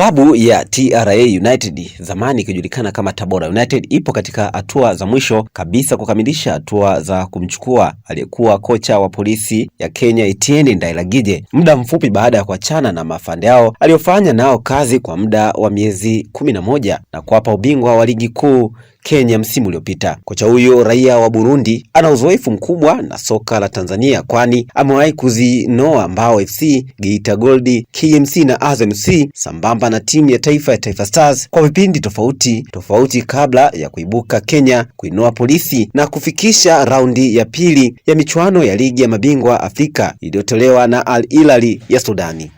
Klabu ya TRA United zamani ikijulikana kama Tabora United ipo katika hatua za mwisho kabisa kukamilisha hatua za kumchukua aliyekuwa kocha wa polisi ya Kenya Etienne Ndailagije muda mfupi baada ya kuachana na mafande yao aliyofanya nao kazi kwa muda wa miezi kumi na moja na kuwapa ubingwa wa ligi kuu Kenya msimu uliopita. Kocha huyo raia wa Burundi ana uzoefu mkubwa na soka la Tanzania kwani amewahi kuzinoa Mbao FC, Geita Gold, KMC na Azam FC sambamba na timu ya taifa ya Taifa Stars kwa vipindi tofauti tofauti kabla ya kuibuka Kenya kuinoa Polisi na kufikisha raundi ya pili ya michuano ya Ligi ya Mabingwa Afrika iliyotolewa na Al Hilal ya Sudani.